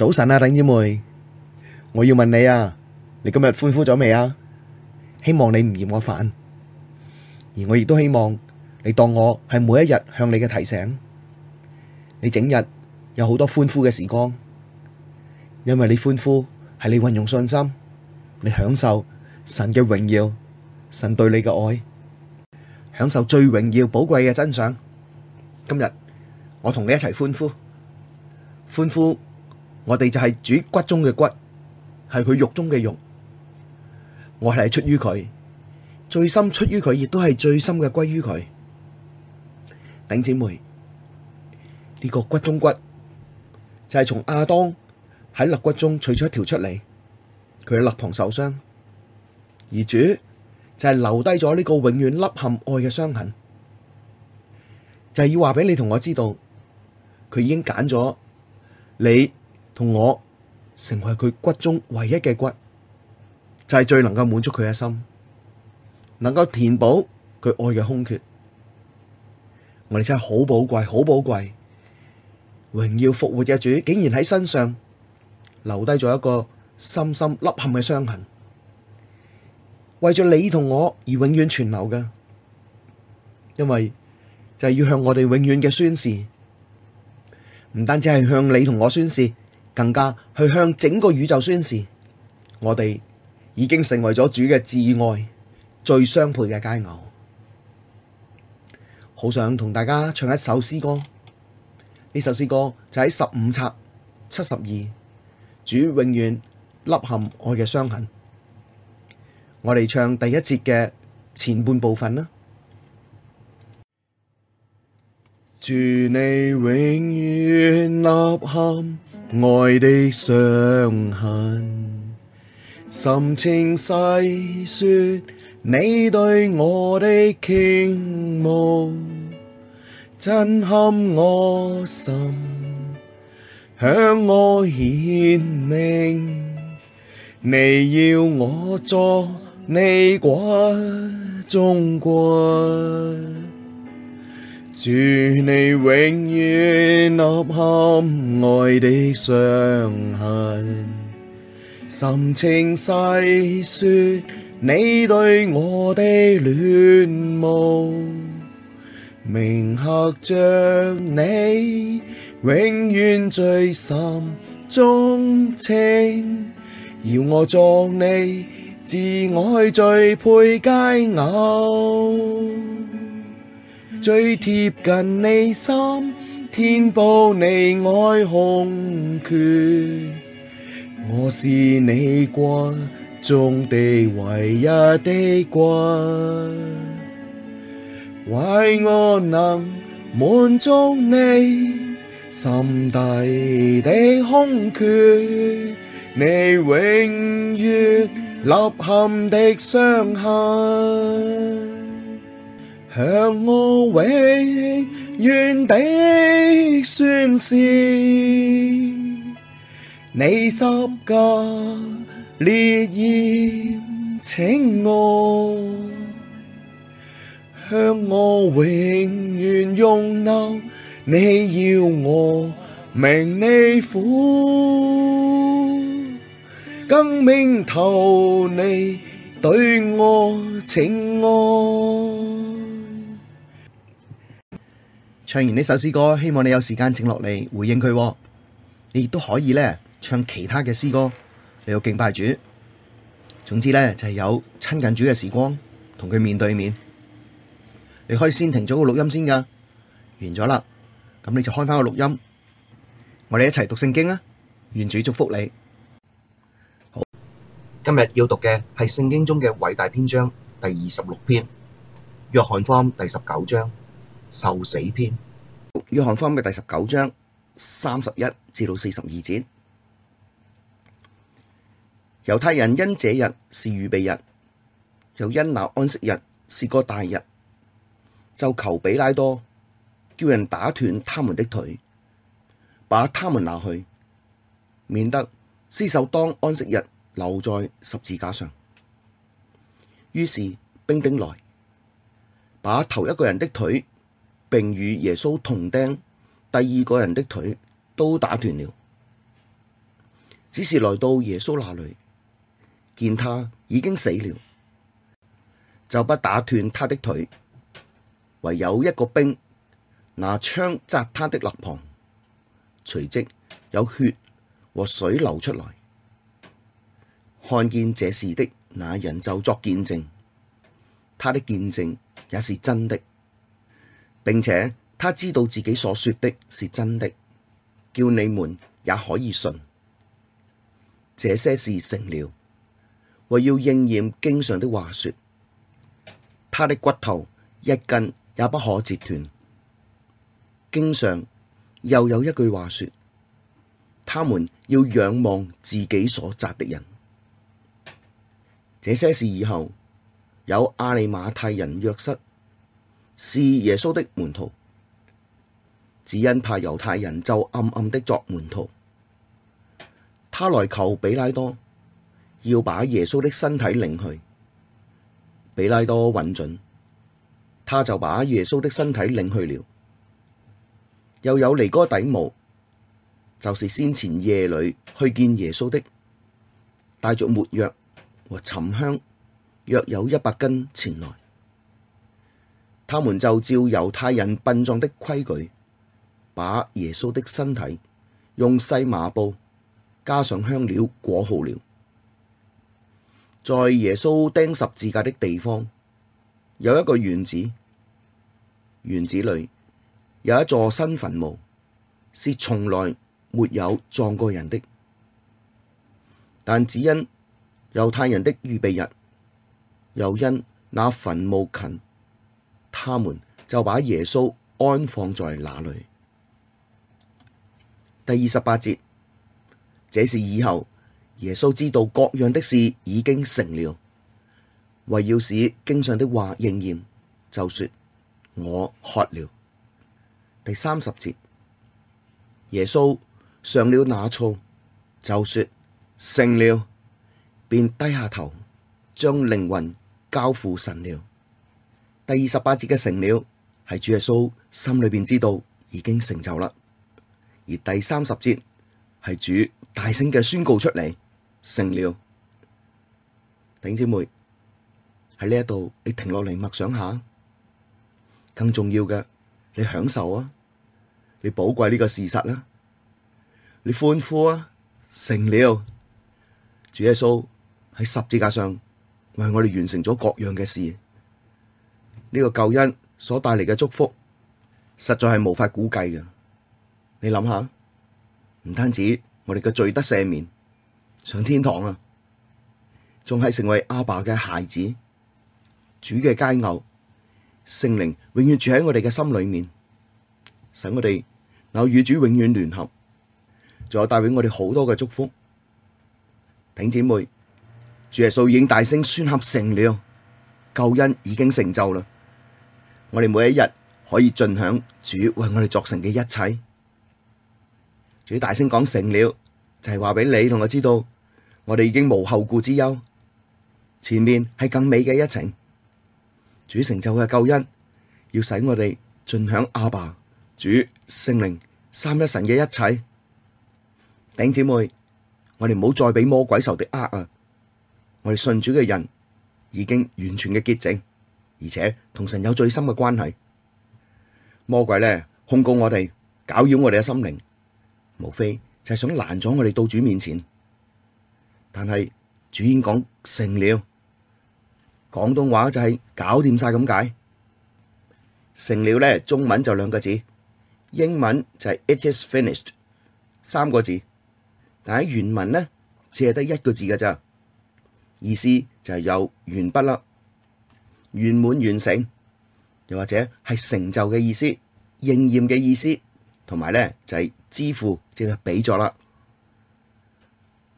早晨啊，林姐妹，我要問你啊，你今日歡呼咗未啊？希望你唔嫌我煩，而我亦都希望你當我係每一日向你嘅提醒。你整日有好多歡呼嘅時光，因為你歡呼係你運用信心，你享受神嘅榮耀，神對你嘅愛，享受最榮耀寶貴嘅真相。今日我同你一齊歡呼，歡呼。我哋就係主骨中嘅骨，係佢肉中嘅肉，我係出於佢，最深出於佢，亦都係最深嘅歸於佢。頂姐妹，呢個骨中骨就係從亞當喺肋骨中取咗一條出嚟，佢喺肋旁受傷，而主就係留低咗呢個永遠凹陷愛嘅傷痕，就係要話俾你同我知道，佢已經揀咗你。同我成為佢骨中唯一嘅骨，就係最能夠滿足佢嘅心，能夠填補佢愛嘅空缺。我哋真係好寶貴，好寶貴！榮耀復活嘅主竟然喺身上留低咗一個深深凹陷嘅傷痕，為咗你同我而永遠存留嘅，因為就係要向我哋永遠嘅宣示，唔單止係向你同我宣示。更加去向整個宇宙宣示，我哋已經成為咗主嘅至愛、最相配嘅佳偶。好想同大家唱一首詩歌，呢首詩歌就喺十五冊七十二，主永遠凹陷愛嘅傷痕。我哋唱第一節嘅前半部分啦。主你永遠凹陷。愛的傷痕，深情細說你對我嘅傾慕，震撼我心，向我顯明，你要我做你骨中骨。祝你永遠凹陷愛的傷痕，深情細說你對我嘅戀慕，銘刻着你永遠最深鍾情，要我作你至愛最配佳偶。最貼近你心，填補你愛空缺。我是你骨中的唯一的骨，惟我能滿足你心底的空缺，你永遠凹陷的傷痕。向我永遠的宣示，你十架烈焰情愛，向我永遠湧流，你要我明你苦，更明透你對我情愛。唱完呢首詩歌，希望你有時間靜落嚟回應佢。你亦都可以咧唱其他嘅詩歌，你要敬拜主。總之咧就係有親近主嘅時光，同佢面對面。你可以先停咗個錄音先噶，完咗啦，咁你就開翻個錄音。我哋一齊讀聖經啊！願主祝福你。好，今日要讀嘅係聖經中嘅偉大篇章第二十六篇，約翰福音第十九章，受死篇。約翰福音嘅第十九章三十一至到四十二節，猶太人因這日是預備日，又因那安息日是個大日，就求彼拉多叫人打斷他們的腿，把他們拿去，免得屍首當安息日留在十字架上。於是兵丁來，把頭一個人的腿。並與耶穌同釘，第二個人的腿都打斷了。只是來到耶穌那裡，見他已經死了，就不打斷他的腿，唯有一個兵拿槍扎他的肋旁，隨即有血和水流出來。看見這事的那人就作見證，他的見證也是真的。並且他知道自己所說的是真的，叫你們也可以信。這些事成了，為要應驗經上的話說：他的骨頭一根也不可折斷。經上又有一句話說：他們要仰望自己所扎的人。這些事以後，有亞利馬太人約瑟，是耶穌的門徒，只因怕猶太人，就暗暗的作門徒。他來求彼拉多，要把耶穌的身體領去。彼拉多允准，他就把耶穌的身體領去了。又有尼哥底母，就是先前夜裡去見耶穌的，帶着沒藥和沉香，約有一百斤前來。他們就照猶太人殯葬的規矩，把耶穌的身體用細麻布加上香料裹好了。在耶穌釘十字架的地方有一個園子，園子裏有一座新墳墓，是從來沒有葬過人的。但只因猶太人的預備日，又因那墳墓近。他們就把耶穌安放在那裡。第二十八節，這事以後耶穌知道各樣的事已經成了，為要使經上的話應驗，就說，我渴了。第三十節，耶穌嘗了那醋，就說，成了，便低下頭，將靈魂交付神了。第二十八節嘅成了，係主耶穌心裏邊知道已經成就啦；而第三十節係主大聲嘅宣告出嚟，成了。弟兄姊妹喺呢一度，你停落嚟默想下，更重要嘅，你享受啊，你寶貴呢個事實啦、啊，你歡呼啊，成了！主耶穌喺十字架上為我哋完成咗各樣嘅事。呢個救恩所帶嚟嘅祝福，實在係無法估計嘅。你諗下，唔單止我哋嘅罪得赦免，上天堂啊，仲係成為阿爸嘅孩子，主嘅佳偶，聖靈永遠住喺我哋嘅心裏面，使我哋嗱與主永遠聯合，仲有帶俾我哋好多嘅祝福。弟兄姊妹，主耶穌已經大聲宣告成了，救恩已經成就啦。我哋每一日可以盡享主為我哋作成嘅一切，主大聲講成了，就係話畀你同我知道，我哋已經無後顧之憂，前面係更美嘅一程。主成就嘅救恩，要使我哋盡享阿爸、主、聖靈三一神嘅一切。頂姐妹，我哋唔好再俾魔鬼仇敵呃。啊！我哋信主嘅人已經完全嘅潔淨。而且同神有最深嘅關係。魔鬼咧控告我哋，攪擾我哋嘅心靈，無非就係想攔咗我哋到主面前。但係主已經講成了，廣東話就係搞掂晒咁解。成了咧中文就兩個字，英文就係 It is finished，三個字，但喺原文咧只係得一個字㗎咋，意思就係有完畢喇。圓滿完，完成，又或者係成就嘅意思、應驗嘅意思，同埋咧就係、是、支付即係俾咗啦。呢、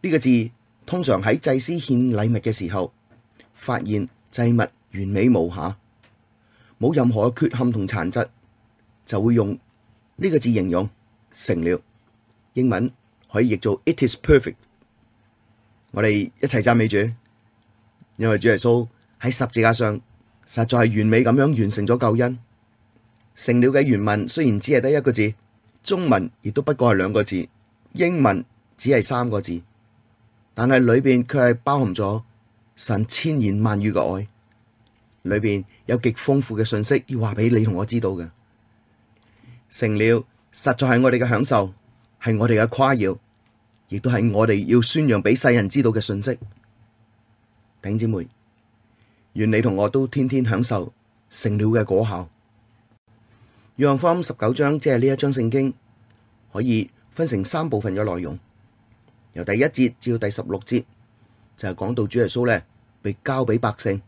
這個字通常喺祭司獻禮物嘅時候，發現祭物完美無瑕，冇任何嘅缺陷同殘疾，就會用呢個字形容成了。英文可以譯做 “It is perfect”。我哋一齊讚美主，因為主耶穌喺十字架上。實在係完美咁樣完成咗救恩。成了嘅原文雖然只係得一個字，中文亦都不過係兩個字，英文只係三個字，但係裏邊卻係包含咗神千言萬語嘅愛，裏邊有極豐富嘅信息要話俾你同我知道嘅。成了實在係我哋嘅享受，係我哋嘅誇耀，亦都係我哋要宣揚俾世人知道嘅信息。頂姊妹。願你同我都天天享受成了嘅果效。約翰福音十九章，即係呢一章聖經，可以分成三部分嘅內容。由第一節至到第十六節，就係、是、講到主耶穌咧，被交俾百姓，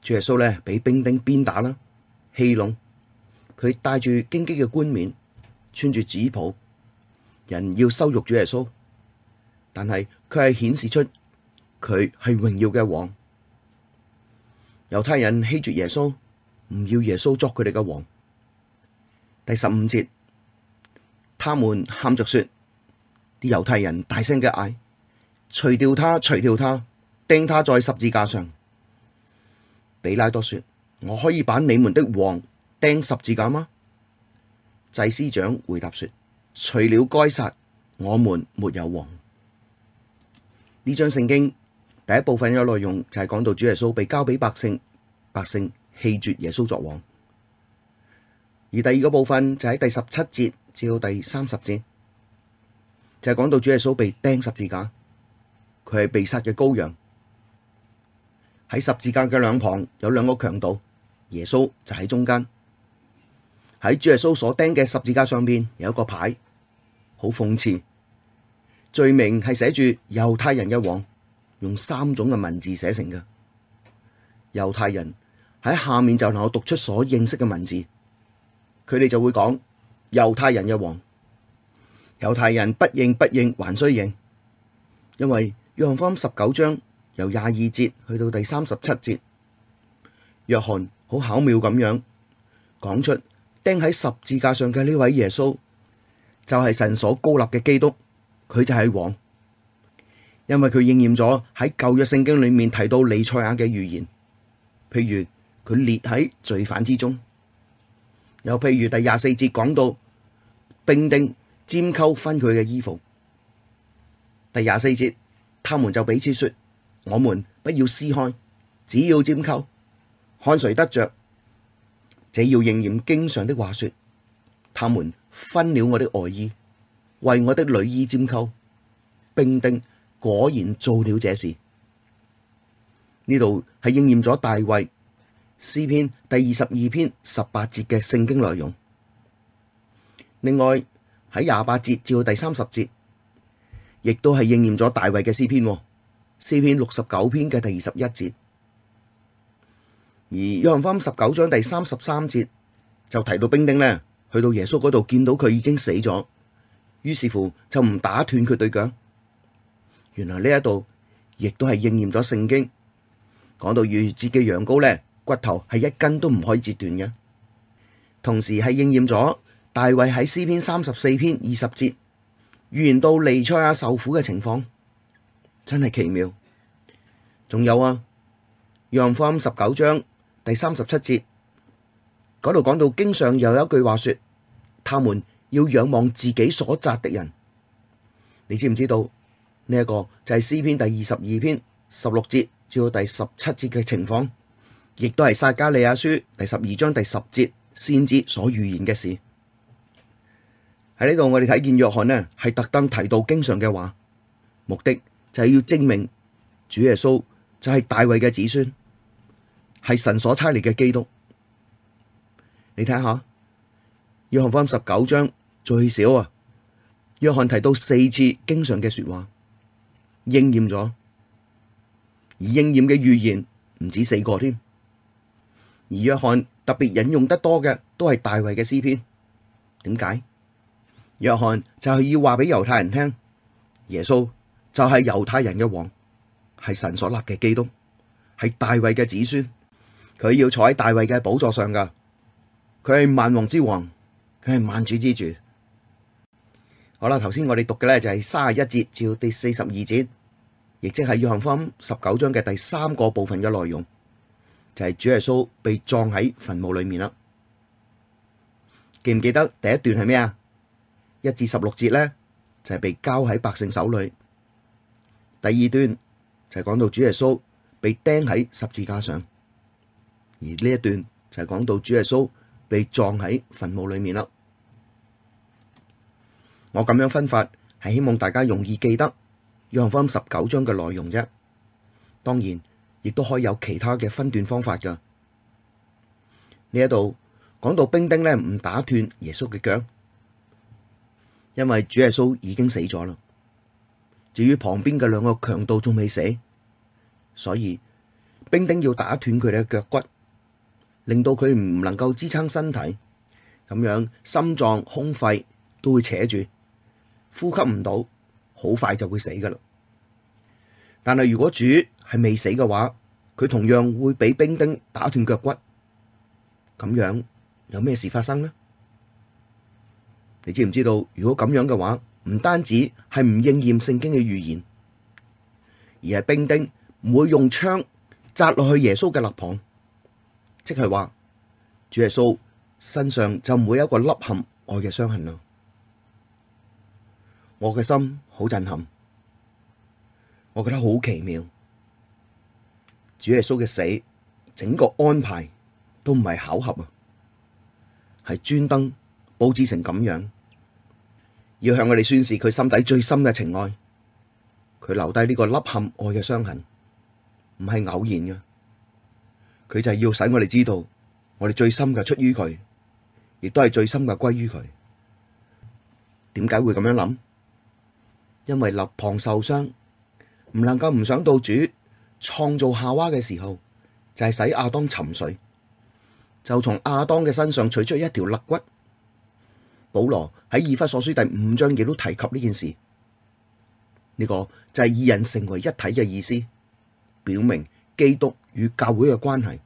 主耶穌咧俾兵丁鞭打啦，戲弄，佢戴住荊棘嘅冠冕，穿住紫袍，人要羞辱主耶穌，但係佢係顯示出佢係榮耀嘅王。猶太人棄絕耶穌，唔要耶穌作佢哋嘅王。第十五節，他們喊着說：啲猶太人大聲嘅嗌，除掉他，除掉他，釘他在十字架上。比拉多說：我可以把你們的王釘十字架嗎？祭司長回答說：除了該撒，我們沒有王。呢章聖經。第一部分嘅內容就係講到主耶穌被交俾百姓，百姓棄絕耶穌作王。而第二個部分就喺第十七節至到第三十節，就係、是、講到主耶穌被釘十字架，佢係被殺嘅羔羊。喺十字架嘅兩旁有兩個強盜，耶穌就喺中間。喺主耶穌所釘嘅十字架上邊有一個牌，好諷刺，罪名係寫住猶太人嘅王。用三種嘅文字寫成嘅。猶太人喺下面就能夠讀出所認識嘅文字，佢哋就會講：猶太人嘅王，猶太人不應不應，還需應。因為約翰福音十九章由廿二節去到第三十七節，約翰好巧妙咁樣講出釘喺十字架上嘅呢位耶穌，就係、是、神所高立嘅基督，佢就係王。因為佢應驗咗喺舊約聖經裏面提到利賽亞嘅預言，譬如佢列喺罪犯之中，又譬如第廿四節講到兵丁拈鬮分佢嘅衣服。第廿四節，他們就彼此說：我們不要撕開，只要拈鬮，看誰得着。這要應驗經上的話說：他們分了我的外衣，為我的裡衣拈鬮兵丁。兵丁果然做了這事，呢度係應驗咗大衛詩篇第二十二篇十八節嘅聖經內容。另外喺廿八節至到第三十節，亦都係應驗咗大衛嘅詩篇，詩篇六十九篇嘅第二十一節。而約翰福音十九章第三十三節就提到兵丁呢，去到耶穌嗰度見到佢已經死咗，於是乎就唔打斷佢對腳。原來呢一度亦都係應驗咗聖經講到逾越節嘅羊羔呢，骨頭係一根都唔可以折斷嘅。同時係應驗咗大衛喺詩篇三十四篇二十節預言到彌賽亞受苦嘅情況，真係奇妙。仲有啊，約翰福音十九章第三十七節嗰度講到經上又有一句話說，他們要仰望自己所扎的人。你知唔知道？呢一個就係詩篇第二十二篇十六節至到第十七節嘅情況，亦都係撒加利亞書第十二章第十節先知所預言嘅事。喺呢度我哋睇見約翰呢係特登提到經上嘅話，目的就係要證明主耶穌就係大衛嘅子孫，係神所差嚟嘅基督。你睇下，約翰翻十九章最少啊，約翰提到四次經上嘅說話。應驗咗，而應驗嘅預言唔止四個添。而約翰特別引用得多嘅都係大衛嘅詩篇，點解？約翰就係要話俾猶太人聽，耶穌就係猶太人嘅王，係神所立嘅基督，係大衛嘅子孫，佢要坐喺大衛嘅寶座上噶，佢係萬王之王，佢係萬主之主。好啦，頭先我哋讀嘅咧就係三十一節至第四十二節。亦即係約翰福音十九章嘅第三個部分嘅內容，就係、是、主耶穌被葬喺墳墓裏面啦。記唔記得第一段係咩啊？一至十六節咧，就係、是、被交喺百姓手裏。第二段就係、是、講到主耶穌被釘喺十字架上，而呢一段就係、是、講到主耶穌被葬喺墳墓裏面啦。我咁樣分法係希望大家容易記得。約翰福音十九章嘅內容啫，當然亦都可以有其他嘅分段方法噶呢一度講到兵丁咧，唔打斷耶穌嘅腳，因為主耶穌已經死咗啦。至於旁邊嘅兩個強盜仲未死，所以兵丁要打斷佢哋嘅腳骨，令到佢唔能夠支撐身體，咁樣心臟、胸肺都會扯住，呼吸唔到。好快就會死噶啦。但係如果主係未死嘅話，佢同樣會俾兵丁打斷腳骨，咁樣有咩事發生呢？你知唔知道？如果咁樣嘅話，唔單止係唔應驗聖經嘅預言，而係兵丁唔會用槍扎落去耶穌嘅肋旁，即係話主耶穌身上就唔會有一個凹陷愛嘅傷痕咯。我嘅心。好震撼，我覺得好奇妙。主耶穌嘅死，整個安排都唔係巧合啊，係專登布置成咁樣，要向我哋宣示佢心底最深嘅情愛。佢留低呢個凹陷愛嘅傷痕，唔係偶然嘅，佢就係要使我哋知道，我哋最深嘅出於佢，亦都係最深嘅歸於佢。點解會咁樣諗？因為肋旁受傷，唔能夠唔想到主創造夏娃嘅時候，就係、是、使亞當沉睡，就從亞當嘅身上取出一條肋骨。保羅喺以弗所書第五章亦都提及呢件事，呢、這個就係二人成為一體嘅意思，表明基督與教會嘅關係。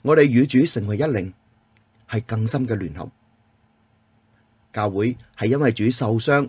我哋與主成為一靈，係更深嘅聯合。教會係因為主受傷。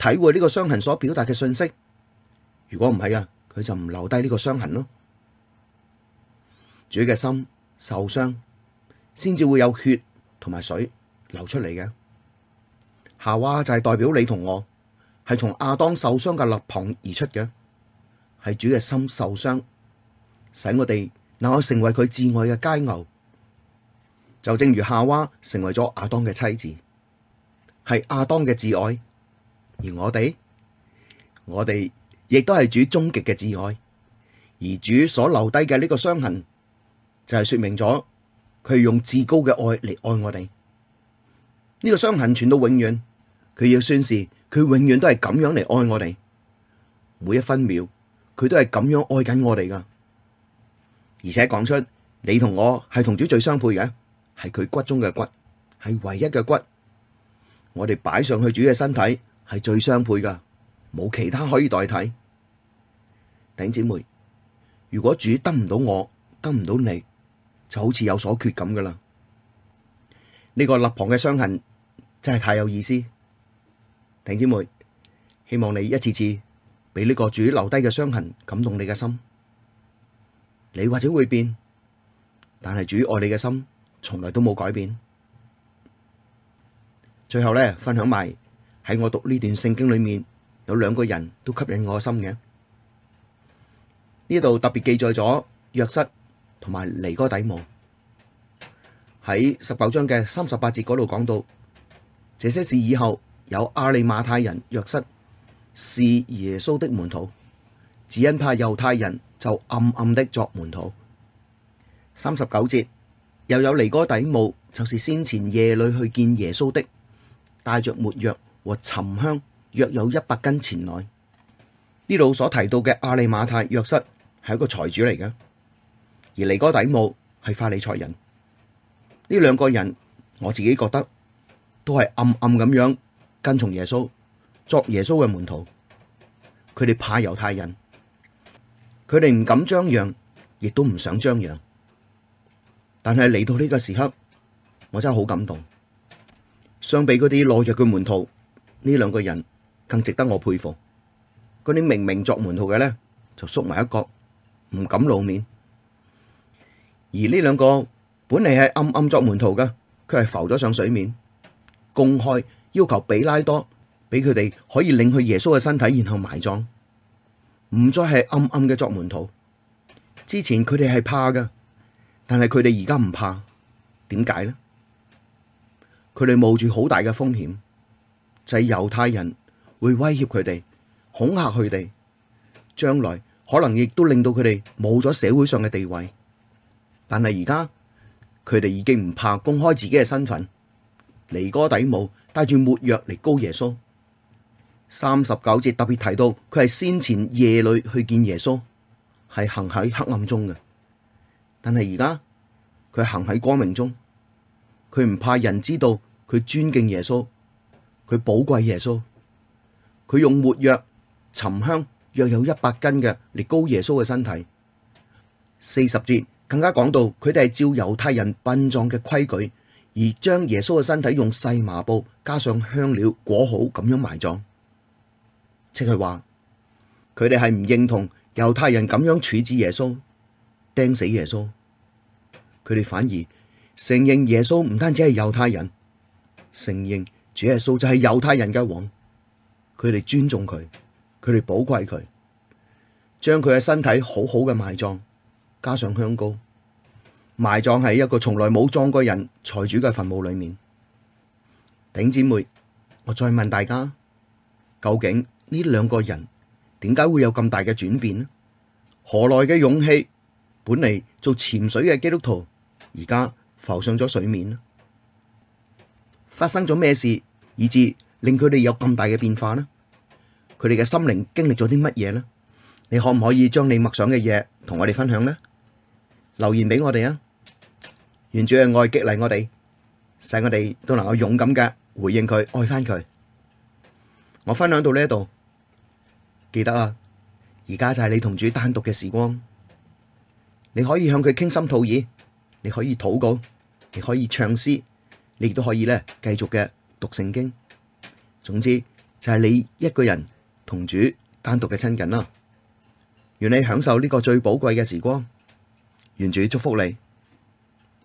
體會呢個傷痕所表達嘅信息，如果唔係啊，佢就唔留低呢個傷痕咯。主嘅心受傷，先至會有血同埋水流出嚟嘅。夏娃就係代表你同我，係從亞當受傷嘅肋旁而出嘅，係主嘅心受傷，使我哋能夠成為佢至愛嘅佳偶，就正如夏娃成為咗亞當嘅妻子，係亞當嘅至愛。而我哋，我哋亦都係主終極嘅至愛，而主所留低嘅呢個傷痕，就係說明咗佢用至高嘅愛嚟愛我哋。呢個傷痕傳到永遠，佢要宣示佢永遠都係咁樣嚟愛我哋，每一分秒佢都係咁樣愛緊我哋噶。而且講出你同我係同主最相配嘅，係佢骨中嘅骨，係唯一嘅骨。我哋擺上去主嘅身體。係最相配噶，冇其他可以代替。頂姊妹，如果主得唔到我，得唔到你，就好似有所缺咁噶啦。呢個肋旁嘅傷痕真係太有意思。頂姊妹，希望你一次次俾呢個主留低嘅傷痕感動你嘅心。你或者會變，但係主愛你嘅心從來都冇改變。最後咧，分享埋。喺我讀呢段聖經裏面，有兩個人都吸引我心嘅。呢度特別記載咗約瑟同埋尼哥底母喺十九章嘅三十八節嗰度講到，這些事以後，有亞里馬太人約瑟是耶穌的門徒，只因怕猶太人，就暗暗的作門徒。三十九節，又有尼哥底母，就是先前夜裏去見耶穌的，帶着沒藥，和沉香約有一百斤前內，呢度所提到嘅阿利馬太約瑟係一個財主嚟嘅，而尼哥底母係法利賽人，呢兩個人我自己覺得都係暗暗咁樣跟從耶穌，作耶穌嘅門徒，佢哋怕猶太人，佢哋唔敢張揚，亦都唔想張揚，但係嚟到呢個時刻，我真係好感動，相比嗰啲懦弱嘅門徒。呢兩個人更值得我佩服。嗰啲明明作門徒嘅咧，就縮埋一角，唔敢露面。而呢兩個本嚟係暗暗作門徒嘅，佢係浮咗上水面，公開要求比拉多俾佢哋可以領去耶穌嘅身體，然後埋葬，唔再係暗暗嘅作門徒。之前佢哋係怕㗎，但係佢哋而家唔怕，點解咧？佢哋冒住好大嘅風險。就係猶太人會威脅佢哋、恐嚇佢哋，將來可能亦都令到佢哋冇咗社會上嘅地位。但係而家佢哋已經唔怕公開自己嘅身份，尼哥底母帶住沒藥嚟膏耶穌。三十九節特別提到佢係先前夜裏去見耶穌，係行喺黑暗中嘅。但係而家佢行喺光明中，佢唔怕人知道佢尊敬耶穌。佢寶貴耶穌，佢用沒藥、沉香，約有一百斤嘅嚟膏耶穌嘅身體。四十節更加講到，佢哋係照猶太人殯葬嘅規矩，而將耶穌嘅身體用細麻布加上香料裹好，咁樣埋葬。即係話，佢哋係唔認同猶太人咁樣處置耶穌，釘死耶穌。佢哋反而承認耶穌唔單止係猶太人，承認。主耶穌就係猶太人嘅王，佢哋尊重佢，佢哋寶貴佢，將佢嘅身體好好嘅埋葬，加上香膏，埋葬喺一個從來冇葬過人財主嘅墳墓裏面。頂姐妹，我再問大家，究竟呢兩個人點解會有咁大嘅轉變呢？何來嘅勇氣？本嚟做潛水嘅基督徒，而家浮上咗水面啦！發生咗咩事？以至令佢哋有咁大嘅變化呢？佢哋嘅心靈經歷咗啲乜嘢呢？你可唔可以將你默想嘅嘢同我哋分享呢？留言俾我哋啊！願主嘅愛激勵我哋，使我哋都能夠勇敢嘅回應佢，愛返佢。我分享到呢一度，記得啊！而家就係你同主單獨嘅時光，你可以向佢傾心吐意，你可以禱告，你可以唱詩，你亦都可以咧繼續嘅。讀聖經，總之就係你一個人同主單獨嘅親近啦。願你享受呢個最寶貴嘅時光，願主祝福你。